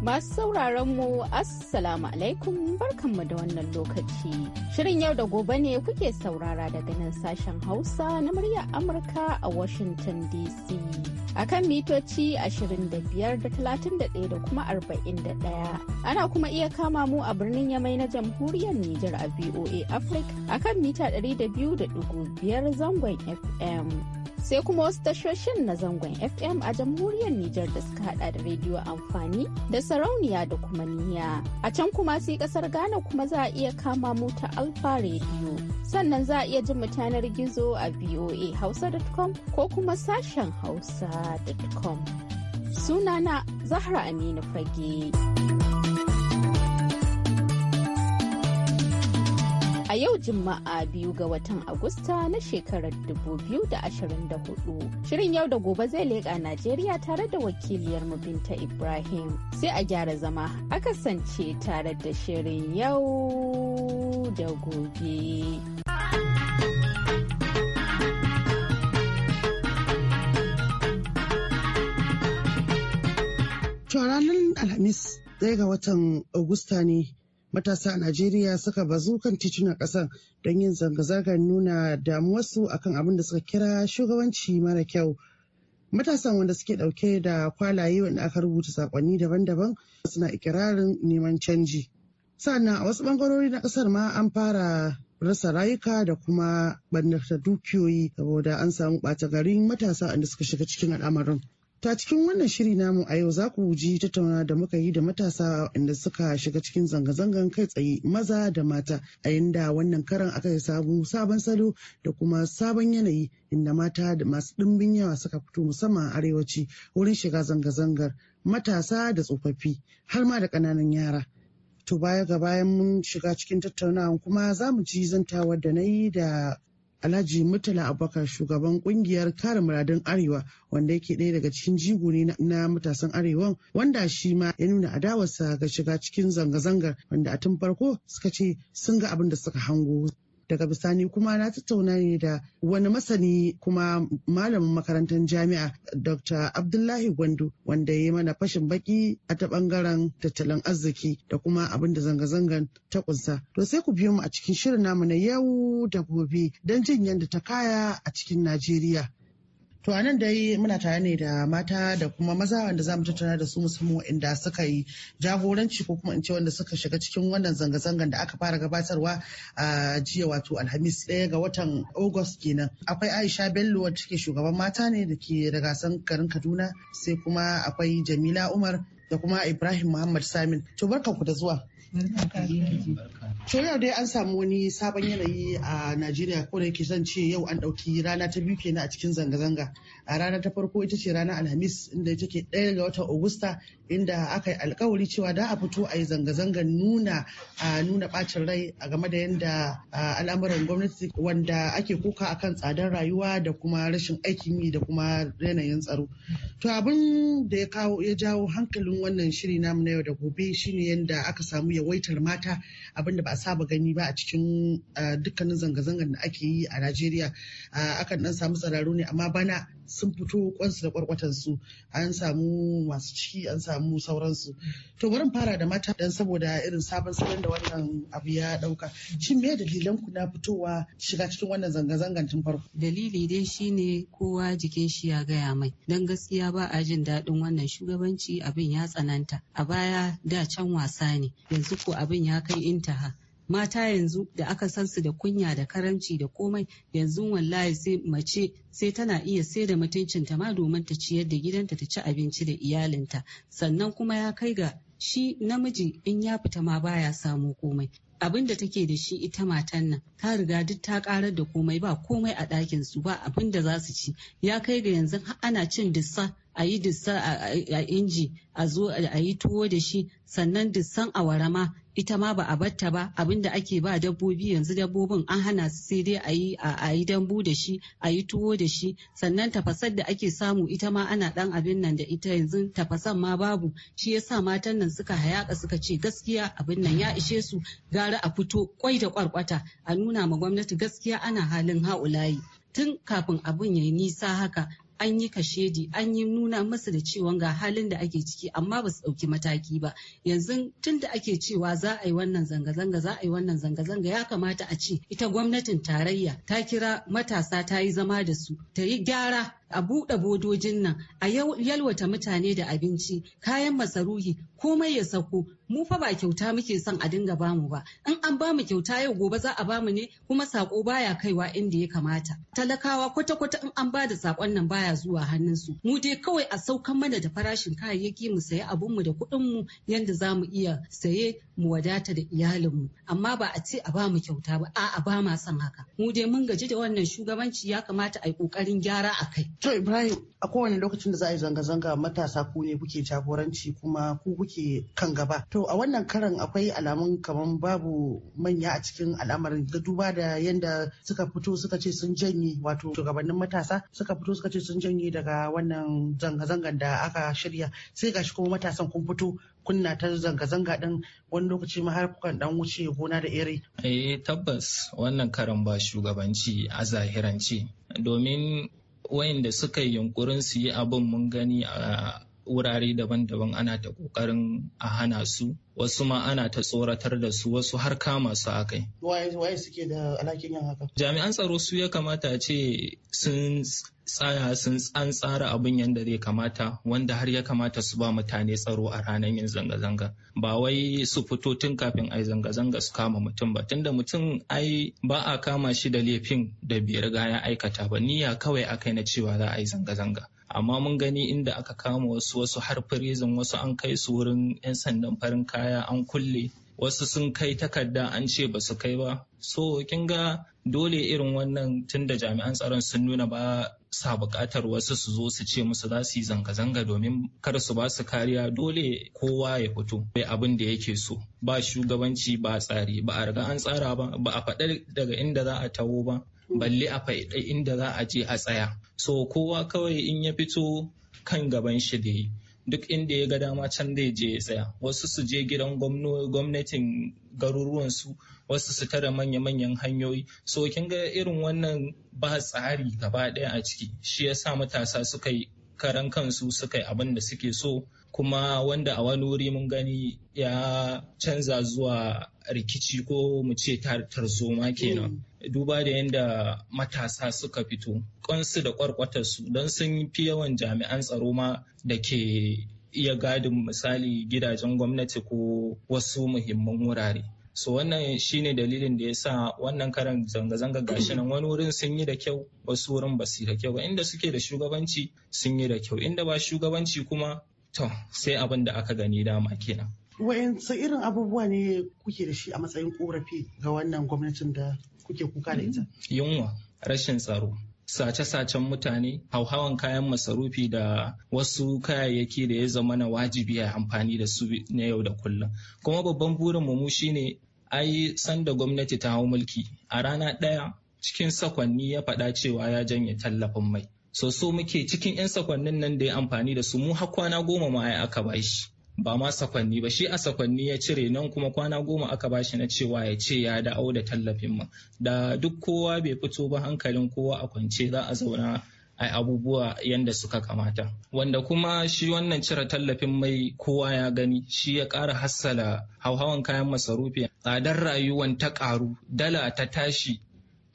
Masu sauraron mu Assalamu alaikum barkanmu da wannan lokaci. Shirin yau da gobe ne kuke saurara daga nan sashen Hausa na muryar Amurka a Washington DC. A kan mitoci 25 da 31 da kuma 41. Ana kuma iya kama mu a birnin Yamai na jamhuriyar Nijar a VOA Africa a kan mita 200.5 zangon FM. sai kuma wasu tashoshin na zangon fm a jamhuriyar nijar da suka hada da rediyo amfani da sarauniya da kuma niya a can kuma sai kasar ghana kuma za a iya kama mu ta alfa rediyo sannan za a iya jin mutanar gizo a voa hausa.com ko kuma sashen hausa.com sunana zahra aminu fage. a yau Juma'a biyu ga watan Agusta na shekarar 2024. Shirin yau da gobe zai leƙa Najeriya tare da wakiliyar Binta Ibrahim. Sai a gyara zama a kasance tare da shirin yau da gobe. ranar Alhamis ɗaya ga watan Agusta ne matasa a Najeriya suka bazu kan titunan ƙasar don yin zanga-zangar nuna damuwarsu akan abin da suka kira shugabanci mara kyau. Matasan wanda suke ɗauke da kwalaye wanda aka rubuta sakonni daban-daban suna ikirarin neman canji. Sannan a wasu bangarori na ƙasar ma an fara rasa rayuka da kuma ɓannata dukiyoyi saboda an samu ɓata garin matasa wanda suka shiga cikin al'amarin. Ta cikin wannan shiri namu a yau za ku ji tattauna da muka yi da matasa inda suka shiga cikin zanga-zangan kai tsaye maza da mata a inda wannan karan aka samu sabon salo da kuma sabon yanayi inda mata da masu ɗimbin yawa suka fito musamman arewaci wurin shiga zanga-zangar matasa da tsofaffi har ma da ƙananan yara. To baya ga bayan mun shiga cikin tattaunawa kuma za mu ji zantawar da na yi da Alhaji Murtala Abubakar shugaban kungiyar kare muradun Arewa wanda yake ɗaya daga cikin jigo ne na matasan arewa. wanda shi ma ya nuna adawarsa ga shiga cikin zanga-zangar wanda a tun farko suka ce sun ga abin da suka hango. daga bisani kuma na tattauna ne da wani masani kuma malamin makarantar jami'a dr abdullahi gwandu wanda ya yi mana fashin baki a ta bangaren tattalin arziki da kuma abin da zanga-zangan ta kunsa to sai ku biyo mu a cikin shirin namu na yau da gobe don jin yadda ta kaya a cikin najeriya To anan dai muna tare ne da mata da kuma maza wanda mu tattauna da su musamman inda suka yi jagoranci ko kuma in ce wanda suka shiga cikin wannan zanga-zangan da aka fara gabatarwa a jiya wato Alhamis ɗaya ga watan August kenan. Akwai Aisha Bello wacce ke shugaban mata ne da ke da gasar garin Kaduna sai kuma akwai Jamila Umar da kuma Ibrahim Muhammad Samin. To barka ku da zuwa. To yau dai an samu wani sabon yanayi a Najeriya ko da yake zan ce yau an ɗauki rana ta biyu kenan a cikin zanga-zanga. A rana ta farko ita ce rana Alhamis inda take ɗaya ga watan Agusta inda aka yi alkawari cewa da a fito a yi zanga-zangar nuna a nuna bacin rai a game da yadda al'amuran gwamnati wanda ake kuka akan tsadar rayuwa da kuma rashin aikin yi da kuma yanayin tsaro. To abin da ya kawo ya jawo hankalin wannan shiri namu na yau da gobe shine yadda aka samu yawaitar mata abinda ba a saba gani ba a cikin eh, dukkanin zanga-zangar da ake yi a Najeriya ah, akan dan samu tsararru ne amma bana sun fito kwansu da kwarkwatansu an samu masu ciki an samu sauransu to bari fara da mata dan saboda irin sabon salon da wannan abu ya dauka shin me dalilan ku na fitowa shiga cikin wannan zanga-zangan tun farko dalili dai shine kowa jikin shi ya gaya mai dan gaskiya ba a jin daɗin wannan shugabanci abin ya tsananta a baya da can wasa ne yanzu ko abin ya kai intaha mata yanzu da aka san su da kunya da karamci da komai yanzu wallahi sai mace sai tana iya sai da mutuncinta ma domin ta ciyar da gidanta ta ci abinci da iyalinta sannan kuma ya kai ga shi namiji in ya fita ma baya samu komai abin da take da shi ita matan nan ta riga duk ta karar da komai ba komai a ɗakin su ba abin da za su ci ya kai ga yanzu ana cin dissa a yi dissa a inji a zo a yi tuwo da shi sannan dissan awara ma ita ma ba a batta ba abinda ake ba dabbobi yanzu dabbobin an hana su sai dai a yi a dambu da shi a yi tuwo da shi sannan tafasar da ake samu ita ma ana dan abin nan da ita yanzu tafasan ma babu shi yasa matan nan suka hayaka suka ce gaskiya abin nan ya ishe su gara a fito kwai da kwarkwata a nuna ma gwamnati gaskiya ana halin ha'ulayi tun kafin abin ya yi nisa haka an yi kashedi an yi nuna musu da cewa ga halin da ake ciki amma ba su ɗauki mataki ba yanzu tun da ake cewa za a yi wannan zanga-zanga za a yi wannan zanga-zanga ya kamata a ce ita gwamnatin tarayya ta kira matasa ta yi zama da su ta yi gyara a buɗe bodojin nan a yalwata mutane da abinci kayan masaruhi komai ya sako mu fa ba kyauta muke son a dinga bamu ba in an bamu kyauta yau gobe za a bamu ne kuma sako baya kaiwa inda ya kamata talakawa kwata kwata in an bada sakon nan baya zuwa hannun su mu dai kawai a saukan mana da farashin kayayyaki mu sayi abun mu da kuɗin mu yanda za mu iya saye mu wadata da iyalin mu amma ba a ce a bamu kyauta ba a'a ba ma son haka mu dai mun gaji da wannan shugabanci ya kamata a yi ƙoƙarin gyara a kai To Ibrahim a kowane lokacin da za a yi zanga-zanga matasa ku ne kuke jagoranci kuma ku kuke kan gaba. To a wannan karan akwai alamun kamar babu manya a cikin al'amarin ga duba da yanda suka fito suka ce sun janye wato shugabannin matasa suka fito suka ce sun janye daga wannan zanga-zangan da aka shirya sai gashi kuma matasan kun fito kunna ta zanga-zanga din wani lokaci ma har kukan dan wuce gona da ere. Eh tabbas wannan karan ba shugabanci a zahirance domin wayanda suka yi yunkurin su yi abin mun gani a wurare daban-daban ana ta kokarin a hana su wasu ma ana ta tsoratar da su wasu har kama su a kai. Waye suke da alhakin yin haka? Jami'an tsaro su ya kamata ce sun tsaya sun an tsara abin yadda zai kamata wanda har ya kamata su ba mutane tsaro a ranar yin zanga-zanga ba wai su fito tun kafin ai zanga-zanga su kama mutum ba tunda mutum ai ba a kama shi da laifin da biyar riga ya aikata ba niyya kawai akai na cewa za a yi zanga-zanga. amma mun gani inda aka kama wasu wasu har firizin wasu an kai su wurin 'yan sandan farin kaya an kulle wasu sun kai takarda an ce ba su kai ba so kin ga dole irin wannan tun da jami'an tsaron sun nuna ba sa bukatar wasu su zo su ce musu za su yi zanga-zanga domin kar su ba su kariya dole kowa ya fito bai abin da yake so ba shugabanci ba tsari ba a riga an tsara ba ba a faɗa daga inda za a taho ba balle a faɗa inda za a je a tsaya so kowa kawai in ya fito kan gaban shi da yi duk inda ya ga dama can zai je ya tsaya wasu su je gidan gwamnatin garuruwansu wasu su tara manya-manyan hanyoyi so kin ga irin wannan ba tsari gaba ɗaya a ciki shi ya sa matasa suka yi karan kansu suka yi abin da suke so kuma wanda a wani wuri mun gani ya canza zuwa rikici ko mu ce tarzoma kenan mm. duba da yadda matasa suka fito kwansu da kwarkwatarsu don sun fi yawan jami'an tsaro ma da ke iya gadin misali gidajen gwamnati ko wasu muhimman wurare so wannan shine dalilin da ya sa wannan karan zanga-zanga gashi nan wani wurin sun yi da kyau wasu wurin ba su da kyau ba inda suke da shugabanci sun yi da kyau inda ba shugabanci kuma to sai abin da aka gani dama kenan Wa'yansu irin abubuwa ne kuke da shi a matsayin korafi ga wannan gwamnatin da kuke kuka da ita? Mm. Yunwa, rashin tsaro. sace-sacen mutane hauhawan kayan masarufi da wasu kayayyaki da ya zama na wajibi a amfani da su na yau da kullum kuma babban burin mu shine ai da gwamnati ta hau mulki a rana ɗaya cikin sakonni ya faɗa cewa ya janye tallafin mai so so muke cikin 'yan sakwannin nan da ya amfani da su mu har kwana goma ma ya aka bashi ba ma sakwanni ba shi a sakwanni ya cire nan kuma kwana goma aka bashi na cewa ya ce ya da'au da tallafin ma. da duk kowa bai fito ba hankalin kowa a kwance za a zauna a abubuwa yadda suka kamata wanda kuma shi wannan cire tallafin mai kowa ya gani shi ya ƙara hassala hauhawan kayan masarufi tsadar rayuwan ta ƙaru dala ta tashi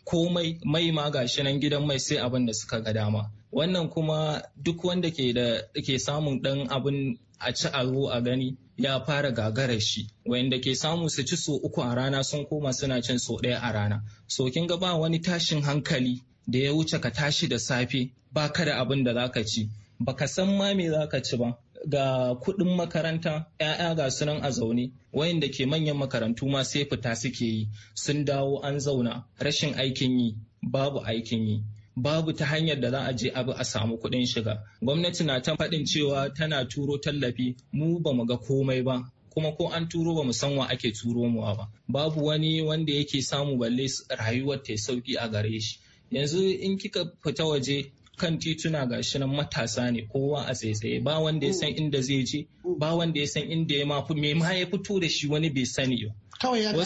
komai mai ma gashi nan gidan mai sai abin da suka ga dama wannan kuma duk wanda ke samun dan abin a ci aro a gani ya fara gagarar shi wayanda ke samu su ci so uku a rana sun koma suna cin so ɗaya a rana so kin ga ba wani tashin hankali da ya wuce ka tashi da safe ba ka da abin da za ka ci baka san ma me ka ci ba ga kuɗin makaranta 'ya'ya ga sunan a zaune wayanda ke manyan makarantu ma sai fita suke yi sun dawo an zauna rashin aikin yi babu aikin yi babu ta hanyar da za a je abu a samu kuɗin shiga gwamnati na ta faɗin cewa tana turo tallafi mu ba mu ga komai ba kuma ko an turo ba san wa ake turo muwa ba babu wani wanda yake samu balle rayuwar ta sauki a gare shi yanzu in kika fita waje kan tituna ga shi nan matasa ne kowa a tsaitsaye ba wanda ya san mm. inda zai je mm. ba wanda ya san inda ya mafi me ma ya fito da shi wani bai sani ba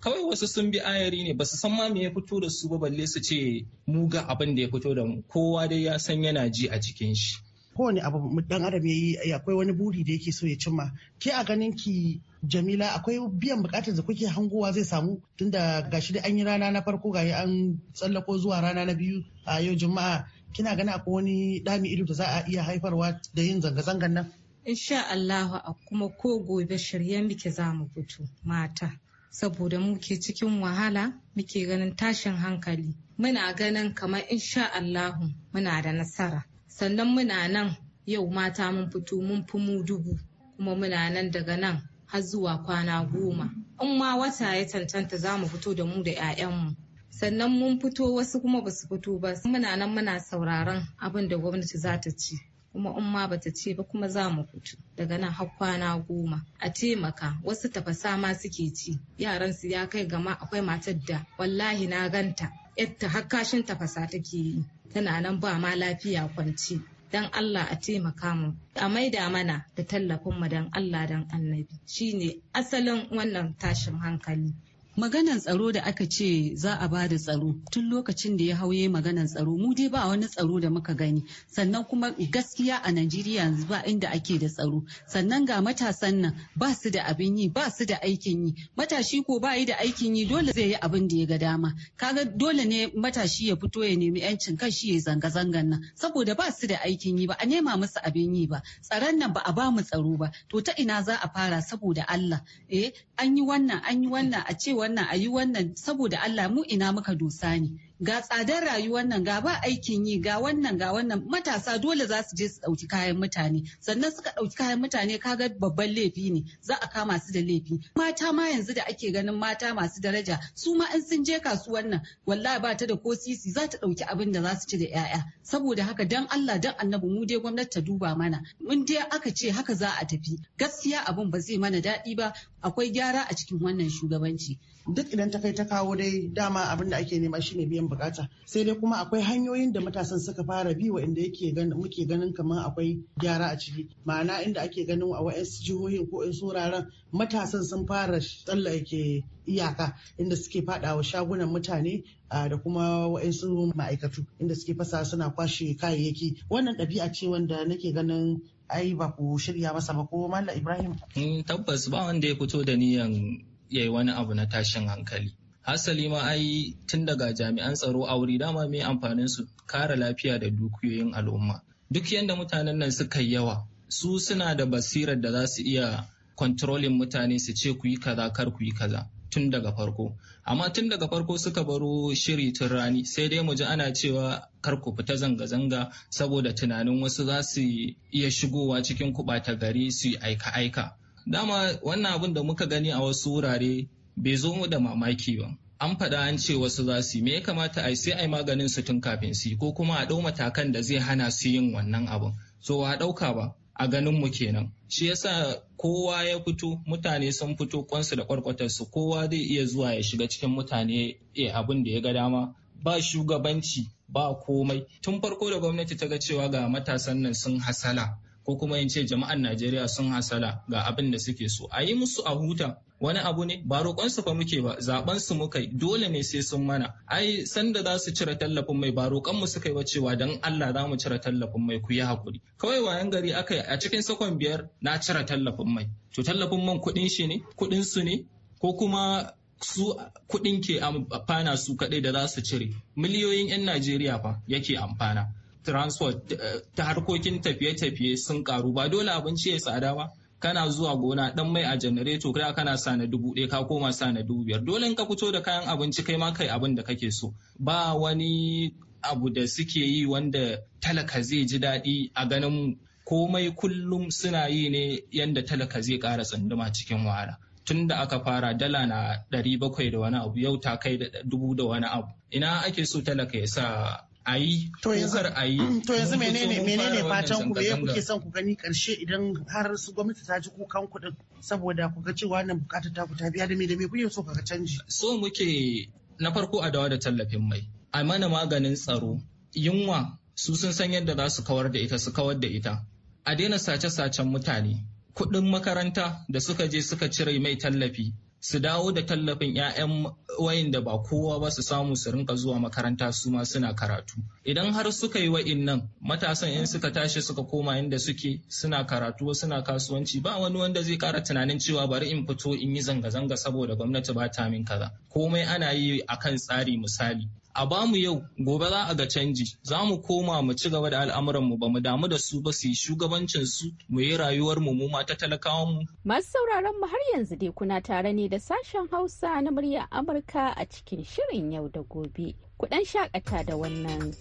kawai wasu sun bi ayari ne basu san ma me ya fito da su ba balle su ce mu ga abin da ya fito da mu kowa dai ya san yana ji a cikin shi kowane abu dan adam ya yi akwai wani buri da yake so ya cimma ke a ganin ki jamila akwai biyan bukatar da kuke hangowa zai samu tunda gashi da an yi rana na farko gashi an tsallako zuwa rana na biyu a yau juma'a kina ganin akwai wani dami ido da za a iya haifarwa da yin zanga-zangan nan insha Allah a kuma ko gobe shiryen muke za mu fito mata saboda muke cikin wahala muke ganin tashin hankali muna ganin kamar insha Allahu muna da nasara sannan muna nan yau mata mun fito mun fi mu dubu kuma muna nan daga nan har zuwa kwana goma in ma wata ya cancanta za mu fito da mu da 'ya'yanmu sannan mun fito wasu kuma basu fito ba muna nan muna sauraron abin da gwamnati za ta ci kuma in ma bata ce ba kuma za mu hutu daga nan har kwana goma a taimaka wasu tafasa ma suke ci yaran su ya kai gama akwai matar da wallahi na ganta yadda har kashin tafasa take yi tana nan ba ma lafiya kwanci dan Allah a taimaka mu a maida mana da tallafin mu dan Allah dan annabi shine asalin wannan tashin hankali maganan tsaro da aka ce za a ba da tsaro tun lokacin da ya hauye maganan tsaro mu dai ba wani tsaro da muka gani sannan kuma gaskiya a najeriya yanzu ba inda ake da tsaro sannan ga matasan nan ba su da abin yi ba su da aikin yi matashi ko ba yi da aikin yi dole zai yi abin da ya ga dama kaga dole ne matashi ya fito ya nemi yancin kan shi ya zanga-zangan nan saboda ba su da aikin yi ba a nema musu abin yi ba tsaron nan ba a ba mu tsaro ba to ta ina za a fara saboda Allah eh an yi wannan an yi wannan a cewa wannan a yi wannan saboda Allah mu ina muka dosa ne ga tsadar rayuwar nan ga ba aikin yi ga wannan ga wannan matasa dole za su je su ɗauki kayan mutane sannan suka ɗauki kayan mutane kaga babban laifi ne za a kama su da laifi mata ma yanzu da ake ganin mata masu daraja su ma in sun je kasuwar nan wallahi ba ta da ko sisi za ta ɗauki abin da za su ci da 'ya'ya saboda haka dan Allah dan annabi mu dai gwamnati ta duba mana mun dai aka ce haka za a tafi gaskiya abin ba zai mana daɗi ba akwai gyara a cikin wannan shugabanci duk idan ta kai ta kawo dai dama abin da ake nema shine biyan bukata sai dai kuma akwai hanyoyin da matasan suka fara bi inda yake muke ganin kamar akwai gyara a ciki ma'ana inda ake ganin a wa'ansu jihohin ko in wuraren matasan sun fara tsallake iyaka inda suke fadawa shagunan mutane da kuma wa'ansu ma'aikatu inda suke fasa suna kwashe kayayyaki wannan ɗabi'a ce wanda nake ganin ai ba ku shirya masa ba ko Malam Ibrahim. Eh, tabbas ba wanda ya fito da niyan ya yi wani abu na tashin hankali hasali ma ai tun daga jami'an tsaro a wuri dama mai amfanin su kare lafiya da dukiyoyin al'umma duk yadda mutanen nan suka yawa su suna da basirar da za su iya kontrolin mutane su ce ku yi kaza kar ku yi kaza tun daga farko amma tun daga farko suka baro shiri tun rani sai dai mu ji ana cewa kar ku fita zanga-zanga saboda tunanin wasu za su iya shigowa cikin kuɓata gari su yi aika-aika Dama wannan abin da muka gani a wasu wurare bai zo mu da mamaki ba. An faɗa an ce wasu za su me ya kamata a sai a yi maganin su tun kafin su ko kuma a ɗau matakan da zai hana su yin wannan abin. So a ɗauka ba a ganin mu kenan. Shi yasa kowa ya fito mutane sun fito kwansu da kwarkwatarsu kowa zai iya zuwa ya shiga cikin mutane ya abin da ya ga dama ba shugabanci ba komai tun farko da gwamnati ta ga cewa ga matasan nan sun hasala ko kuma in ce jama'an Najeriya sun hasala ga abin da suke so a yi musu a huta wani abu ne ba roƙonsu fa muke ba zaben su muka dole ne sai sun mana ai sanda za su cire tallafin mai ba roƙon mu suka yi ba cewa dan Allah za mu cire tallafin mai ku yi hakuri kawai wayan gari aka yi a cikin sakon biyar na cire tallafin mai to tallafin man kuɗin shi ne kuɗin su ne ko kuma su kuɗin ke amfana su kaɗai da za su cire miliyoyin 'yan Najeriya fa yake amfana transport eh, ta harkokin tafiye-tafiye sun karu ba dole abinci ya tsada ba kana zuwa gona dan mai a janareto kada kana sa na dubu ɗaya ka koma sa na dubu biyar dole in ka fito da kayan abinci kai ma kai abin da kake so ba wani abu da suke yi wanda talaka zai ji daɗi a ganin komai kullum suna yi ne yanda talaka zai ƙara tsunduma cikin wahala tun da aka fara dala na ɗari bakwai da wani abu yau ta kai da dubu da wani abu ina ake so talaka ya sa a yi to yanzu menene menene fatan ku me kuke son ku gani karshe idan har su gwamnati ta ji kukan kuɗin saboda ku ga cewa nan bukatar ta ku ta biya da me da me kuke so ka canji so muke na farko a dawa da tallafin mai a mana maganin tsaro yunwa su sun san yadda za su kawar da ita su kawar da ita a daina sace-sacen mutane kuɗin makaranta da suka je suka cire mai tallafi su dawo da tallafin 'ya'yan wayanda ba kowa ba su samu su rinka zuwa makaranta su ma suna karatu idan har suka yi wa'in nan, matasan in suka tashi suka koma inda suke suna karatu suna kasuwanci ba wani wanda zai kara tunanin cewa bari in fito in yi zanga-zanga saboda gwamnati ba ta min kaza komai ana yi akan tsari misali a bamu yau gobe za a ga canji za mu koma mu ci gaba da al'amuranmu ba mu damu da su ba su yi shugabancin su mu yi rayuwar mu ma ta talakawan mu. Masu sauraron mu har yanzu dai kuna tare ne da sashen Hausa na muryar Amurka a cikin shirin yau da gobe. Ku dan shakata da wannan.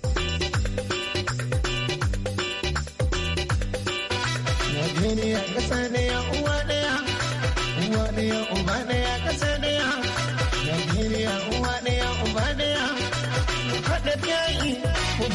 ƙasa ne ya uwa ɗaya, uwa uba ƙasa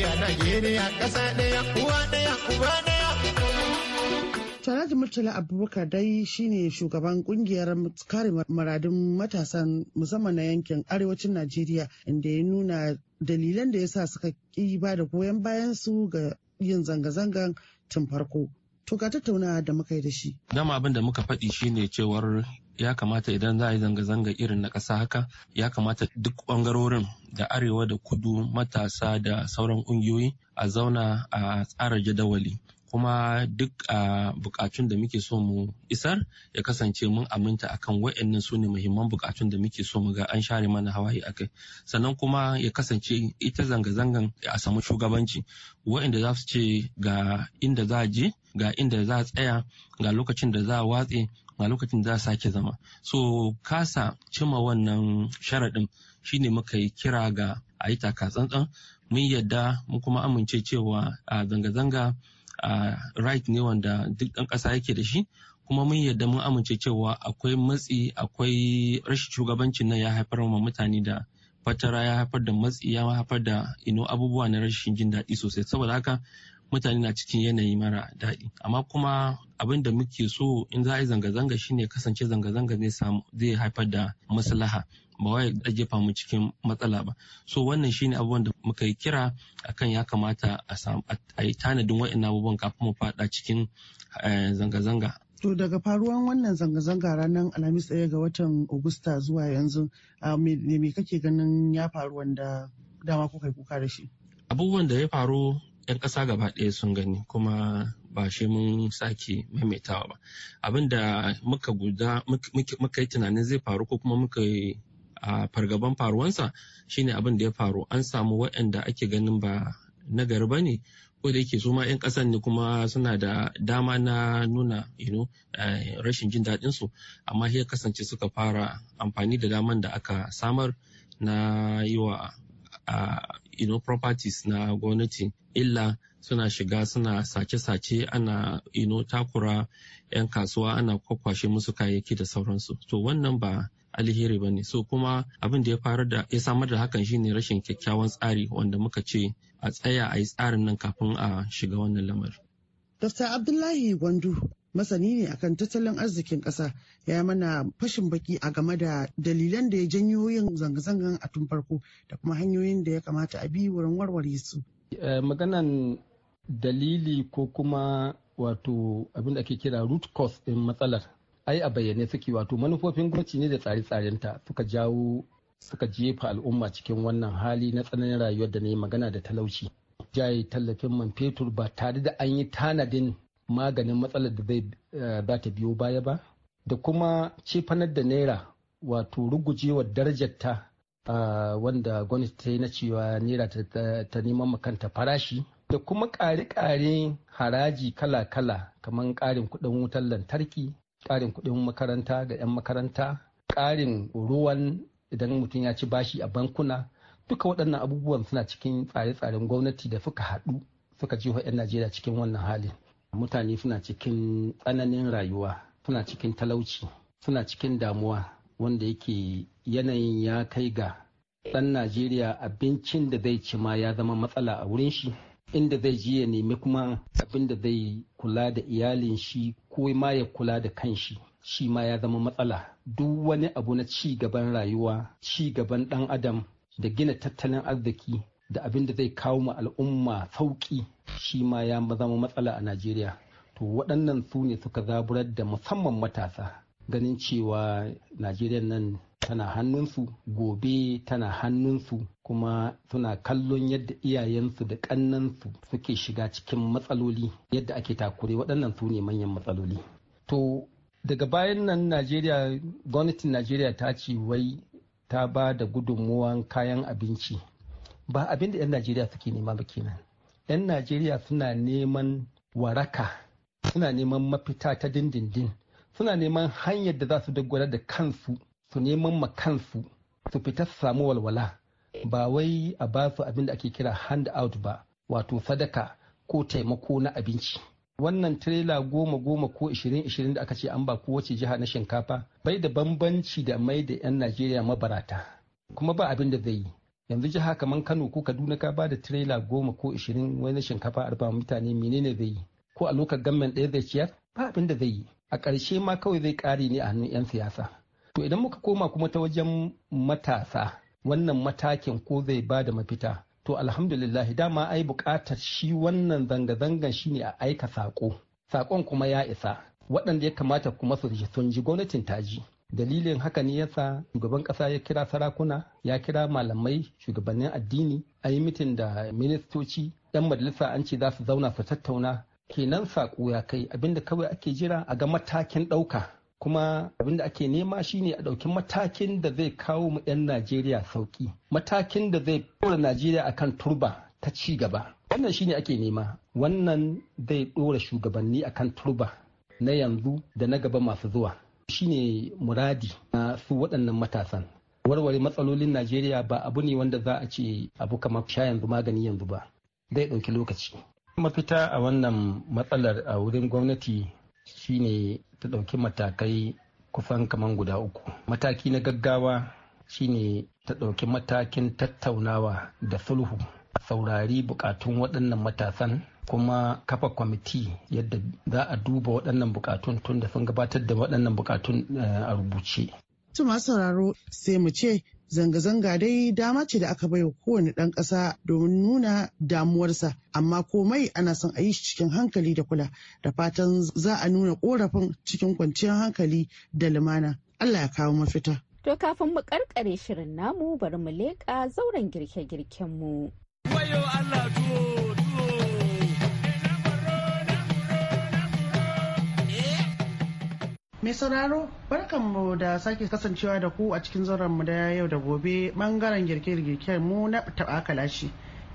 Najeriya uwa uba Murtala Abubakar dai shine shugaban kungiyar kare muradun matasan musamman na yankin arewacin Najeriya inda ya nuna dalilan da ya sa suka ƙi ba da goyon bayan su ga yin zanga-zangan tun farko. To ga tattaunawa da muka yi da shi. Dama abin da muka faɗi shine cewar ya kamata idan za a yi zanga-zanga irin na ƙasa haka ya kamata duk ɓangarorin da arewa da kudu matasa da sauran ƙungiyoyi a zauna a tsara jadawali kuma duk a bukatun da muke so mu isar ya kasance mun aminta akan wa'annan su ne muhimman bukatun da muke so mu ga an share mana hawaye akai sannan kuma ya kasance ita zanga-zangan a samu shugabanci wa'anda za su ce ga inda za a je ga inda za a tsaya ga lokacin da za a watse ba lokacin za a sake zama so kasa cima wannan sharaɗin shi ne muka yi kira ga a yi taka tsantsan mun yadda mun kuma amince cewa a zanga-zanga a right ne wanda duk ɗan ƙasa yake da shi kuma mun yadda mun amince cewa akwai matsi akwai rashin shugabancin nan ya haifar wa mutane da fatara ya haifar da matsi ya haifar da ino abubuwa na rashin jin daɗi sosai saboda haka mutane na cikin yanayi mara daɗi amma kuma abin da muke so in za a yi zanga-zanga shine kasance zanga-zanga zai haifar da maslaha ba wai da jefa mu cikin matsala ba so wannan shine abubuwan da muka yi kira akan ya kamata a yi tanadin wa'in abubuwan kafin mu fada cikin eh, zanga-zanga To daga faruwan wannan zanga-zanga ranar Alhamis ɗaya ga watan Agusta zuwa yanzu me kake ganin ya faru wanda dama kuka yi kuka da shi? Abubuwan da ya faru 'yan ƙasa gaba ɗaya sun gani kuma ba shi mun sake maimaitawa ba abin da muka guda muka yi tunanin zai faru ko kuma muka yi a fargaban faruwansa shine abin da ya faru an samu waɗanda ake ganin ba na gari ba ne ko da yake su ma 'yan ƙasan ne kuma suna da dama na nuna ino rashin jin daɗin su amma ya kasance suka fara amfani da daman da aka samar na yi wa Ino know, properties na gwamnati illa suna shiga suna sace-sace ana ino takura 'yan kasuwa ana kwakwashe musu kayayyaki da sauransu to wannan ba alheri ba ne so kuma abin da ya faru da ya samar da hakan shine rashin kyakkyawan tsari wanda muka ce a tsaya a yi tsarin nan kafin a shiga wannan lamar. Dr. Abdullahi Gwandu masani ne akan tattalin arzikin kasa ya mana fashin baki a game da dalilan da ya janyo yin zanga-zangan a tun farko da kuma hanyoyin da ya kamata a bi wurin warware su. Eh, maganan dalili ko kuma wato abin da ake kira root cause ɗin matsalar ai a bayyane suke wato manufofin gwamnati ne da tsare-tsarenta suka jawo suka jefa al'umma cikin wannan hali na tsananin rayuwar da na yi magana da talauci jaye tallafin man fetur ba tare da an yi tanadin maganin matsalar da zai eh, ba ta biyo baya ba da kuma cefanar da naira wato rugujewar darajar ta eh, wanda gwamnati ta yi na cewa naira ta neman makanta farashi da kuma ƙare-ƙare haraji kala-kala kamar ƙarin kuɗin wutar lantarki ƙarin kuɗin makaranta ga 'yan makaranta ƙarin ruwan idan mutum ya ci bashi a bankuna duka waɗannan abubuwan suna cikin tsare-tsaren gwamnati da suka haɗu suka jefa 'yan najeriya cikin wannan halin mutane suna cikin tsananin rayuwa suna cikin talauci suna cikin damuwa wanda yake yanayin ya kai ga ɗan najeriya abincin da zai ci ma ya zama matsala a wurin shi inda zai je ya nemi kuma abin da zai kula da iyalin shi ko ma ya kula da kanshi shi ma ya zama matsala duk wani abu na ci gaban rayuwa ci gaban ɗan adam da gina tattalin arziki da abin da zai kawo ma al'umma sauƙi shi ma ya zama matsala a najeriya to waɗannan su ne suka zaburar da musamman matasa ganin cewa najeriya nan tana hannunsu gobe tana hannunsu kuma suna kallon yadda iyayensu da ƙannansu suke shiga cikin matsaloli yadda ake takure waɗannan su ne manyan matsaloli to daga bayan nan najeriya gwamnatin najeriya ta ce wai ta ba da gudunmuwan kayan abinci ba abinda da 'yan najeriya suke nema ba kenan 'yan najeriya suna neman waraka suna neman mafita ta dindindin suna neman hanyar da za su dogara da kansu su neman ma kansu su fita su samu walwala ba wai a ba su abin da ake kira hand out ba wato sadaka ko taimako na abinci wannan tirela goma goma ko ishirin ishirin da aka ce an ba kowace jiha na shinkafa bai da bambanci da mai da 'yan najeriya mabarata kuma ba abin da zai yi yanzu jiha kamar kano ko kaduna ka ba da tirela goma ko ishirin wani shinkafa arba mutane menene zai yi ko a lokacin gamman ɗaya zai ciyar ba abin da zai yi a ƙarshe ma kawai zai ƙare ne a hannun 'yan siyasa to idan muka koma kuma ta wajen matasa wannan matakin ko zai ba da mafita to alhamdulillah dama ai buƙatar shi wannan zanga-zangan shine a aika saƙo saƙon kuma ya isa waɗanda ya kamata kuma su sun ji gwamnatin ta ji dalilin haka ne yasa shugaban kasa ya kira sarakuna ya kira malamai shugabannin addini a yi mitin da ministoci yan majalisa an ce za su zauna su tattauna kenan saƙo ya kai abinda kawai ake jira a ga matakin ɗauka kuma abinda ake nema shine a ɗauki matakin da zai kawo mu 'yan najeriya sauƙi matakin da zai ɗora najeriya akan turba ta ci gaba wannan shine ake nema wannan zai ɗora shugabanni akan turba na yanzu da na gaba masu zuwa shine muradi na su waɗannan matasan warware matsalolin najeriya ba abu ne wanda za a ce abu kamar sha yanzu magani yanzu ba zai ɗauki lokaci mafita a wannan matsalar a wurin gwamnati shine ta ɗauki matakai kusan kamar guda uku mataki na gaggawa shine ta ɗauki matakin tattaunawa da sulhu a saurari bukatun waɗannan matasan kuma kafa kwamiti yadda za a duba waɗannan bukatun tun da sun gabatar da waɗannan bukatun eh, a rubuce. Tuma sauraro sai mu ce zanga-zanga dai dama ce da aka bai wa kowane ɗan ƙasa domin nuna damuwarsa amma komai ana son a yi shi cikin hankali da kula da fatan za a nuna ƙorafin cikin kwanciyar hankali da lumana allah ya kawo mafita to kafin mu karkare shirin namu bari mu leƙa zauren girke-girkenmu wayo allah tuwo, tuwo. Mai sauraro barkanmu da sake kasancewa da ku a cikin mu da yau da gobe bangaren girke girke mu na taɓa kalashi.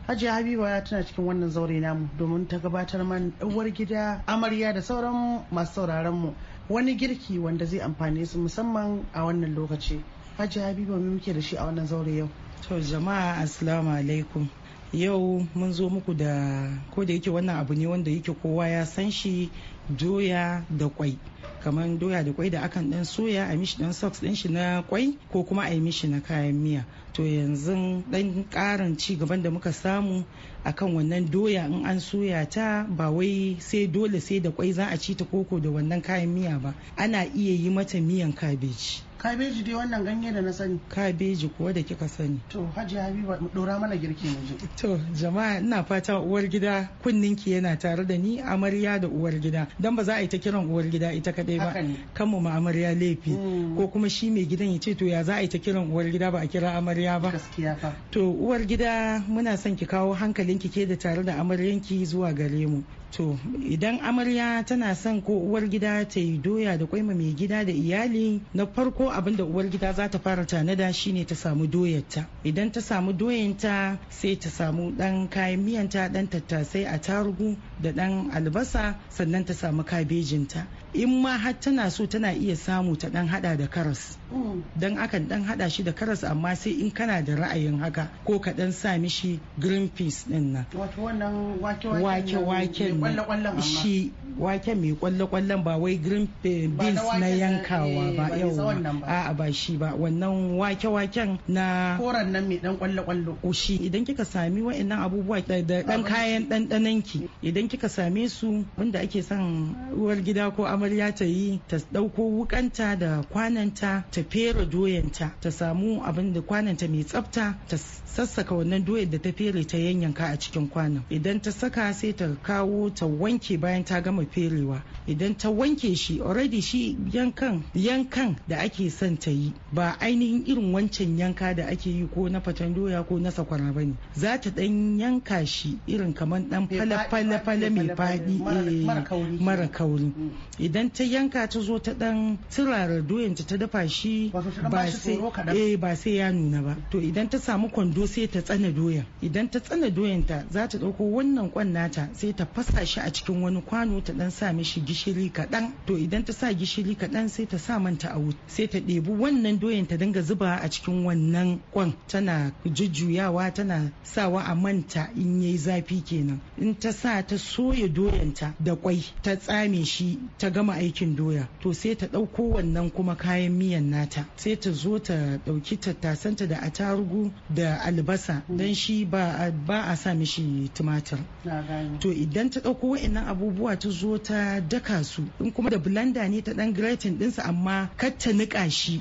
Hajiya Habiba tana cikin wannan zaure namu domin ta gabatar man uwar gida amarya da sauran masu sauraron mu wani girki wanda zai amfane su musamman a wannan lokaci. Hajiya Habiba mu muke da shi a wannan zaure yau. To jama'a assalamu alaikum. Yau mun zo muku da ko da yake wannan abu ne wanda yake kowa ya san shi doya da kwai. kamar doya da kwai da akan dan soya a mishi dan socks din shi na kwai ko kuma a yi mishi na kayan miya to yanzu dan karin ci gaban da muka samu akan wannan doya in an soya ta ba wai sai dole sai da kwai za a ci ta koko da wannan kayan miya ba ana iya yi mata miyan kabeji kabeji dai wannan ganye da na sani kabeji kuwa da kika sani to Hajiya habiba dora mana girki mu to jama'a ina fata uwar gida kunninki yana tare da ni amarya da uwar gida dan ba za a yi ta kiran uwar gida ita kadai ba kan mu amarya laifi mm. ko kuma shi mai gidan ya ce to ya za a yi ta kiran uwar gida ba a kira amarya ba gaskiya fa to uwar gida muna son ki kawo hankalinki ke da tare da amaryanki zuwa gare mu to idan amarya tana son ko uwar gida ta yi doya da kwaima mai gida da iyali na farko abinda da uwar gida za ta fara tanada shine ta samu doyarta idan ta samu doyanta sai ta samu dan kayan miyanta dan tattasai a tarugu da dan albasa sannan ta samu kabejinta in ma har tana so tana iya samu ta dan hada da karas mm. dan akan dan hada shi da karas amma sai in kana da ra'ayin haka ko ka dan sa mishi green peas din nan wato wannan wake waken shi wake mai kwalle kwallen ba wai green beans na yankawa eh, ba yawa a'a ba shi ba wannan wake waken na koran nan mai dan kwalle kwallo shi idan kika sami wa'annan abubuwa da dan kayan dan ki idan kika same su wanda ake son uwar gida ko amarya amarya ta yi ta ɗauko wukanta da kwananta ta fere doyanta ta samu abin da kwananta mai tsafta ta sassaka wannan doyan da ta fere ta yanyanka a cikin kwanan idan ta saka sai ta kawo ta wanke bayan ta gama ferewa idan ta wanke shi already shi yankan yankan da ake son ta yi ba ainihin irin wancan yanka da ake yi ko na fatan doya ko na sakwara ba ne za ta ɗan yanka shi irin kamar ɗan fala-fala mai faɗi eh, mara kauri mm. idan ta yanka ta zo ta dan turara doyanta ta dafa shi eh, ba sai ya nuna ba to idan ta samu kwando sai ta tsana doyan idan ta tsana doyanta za ta dauko wannan kwan nata sai ta fasa shi a cikin wani kwano ta dan sa mishi gishiri kaɗan to idan ta sa gishiri kaɗan sai ta sa manta a wuta sai ta ɗebi wannan doyan ta dinga zuba a cikin wannan kwan tana jujjuyawa tana sawa a manta in yayi zafi kenan in ta sa ta soya doyan ta da kwai ta tsame shi ta gama aikin doya to sai ta ɗauko wannan kuma kayan miyan nata sai ta zo ta ɗauki tattasanta da atarugu da albasa don shi ba a sa mishi tumatir to idan ta ɗauko wa'annan abubuwa ta zo ta daka su in kuma da blanda ne ta ɗan gratin ɗinsa amma kar ta niƙa shi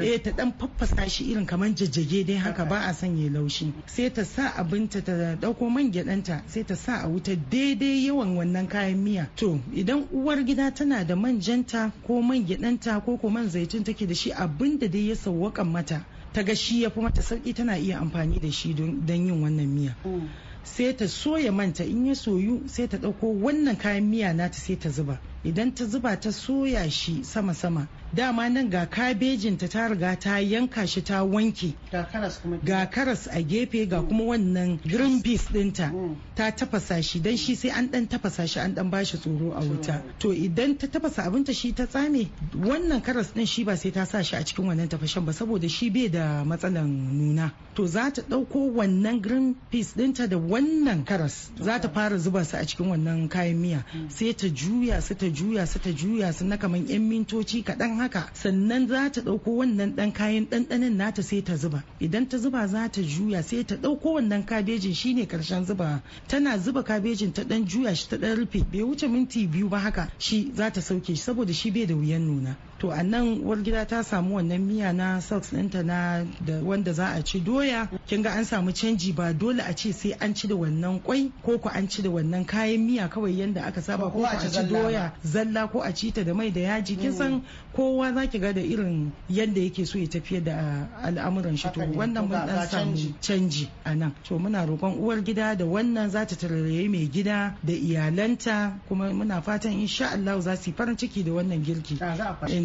eh ta ɗan faffasa shi irin kamar jajjage dai haka ba a sanya laushi sai ta sa abinta ta ɗauko man gyaɗanta sai ta sa a wuta daidai yawan wannan kayan miya to idan uwar gida tana da manjanta ko man gidanta ko ko man zaitun take da shi abin da dai ya sawwakan mata ta ga shi ya fi mata sauki tana iya amfani da shi don yin wannan miya mm. sai ta soya manta in ya soyu sai ta ɗauko wannan kayan miya nata sai ta zuba idan ta zuba ta soya shi sama-sama dama nan ga kabejinta ta riga ta yanka shi ta wanke ga karas a gefe ga kuma wannan green beans dinta mm. ta tafasa shi dan shi sai an dan tafasa shi an dan bashi tsoro a wuta to idan ta tafasa abinta shi ta tsame wannan karas din shi ba sai ta sa shi a cikin wannan tafashen ba saboda shi bai da matsalan nuna to za ta dauko wannan green peas dinta da wannan karas za ta fara zuba su a cikin wannan kayan miya mm. sai ta juya su ta juya su ta juya su na kaman yan mintoci kaɗan haka sannan za ta ɗauko wannan ɗan kayan ɗanɗanin nata sai ta zuba idan ta zuba za ta juya sai ta ɗauko wannan kabejin shine karshen zuba tana zuba kabejin ta ɗan juya shi ta ɗan rufe bai wuce minti biyu ba haka shi za ta sauke shi saboda shi bai da wuyan nuna to a nan uwargida gida ta samu wannan miya na socks ɗinta na da wanda za a ci doya kin ga an samu canji ba dole a ce sai an ci da wannan kwai ko ku an ci da wannan kayan miya kawai yanda aka saba ko a ci doya zalla ko a ci ta da mai da yaji kin san mm. kowa ki ga da irin yanda yake so ya tafiyar da ah, al'amuran shi to wannan mun dan samu canji a nan to muna roƙon uwar gida da wannan za ta tarairaye mai gida da iyalanta kuma muna fatan insha Allah za su yi farin ciki da wannan girki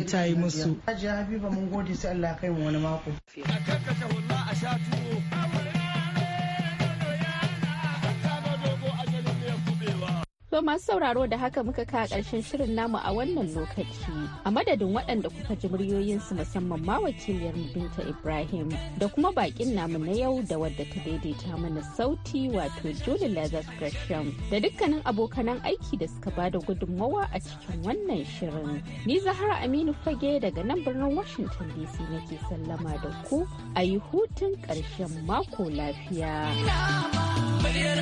hakan ta yi musu. Ajiya Habiba mun gode sai Allah kai mu wani mako. A karkata wallah a sha tuwo. To masu sauraro da haka muka kawo ƙarshen shirin namu a wannan lokaci. A madadin waɗanda kuka ji muryoyinsu musamman ma wakiliyar Binta Ibrahim da kuma baƙin namu na yau da wadda ta daidaita mana sauti wato Julie Lazarus Gresham da dukkanin abokanan aiki da suka bada gudunmawa a cikin wannan shirin. Ni Zahara Aminu Fage daga nan birnin Washington DC nake sallama da ku a yi hutun ƙarshen mako lafiya. Muryar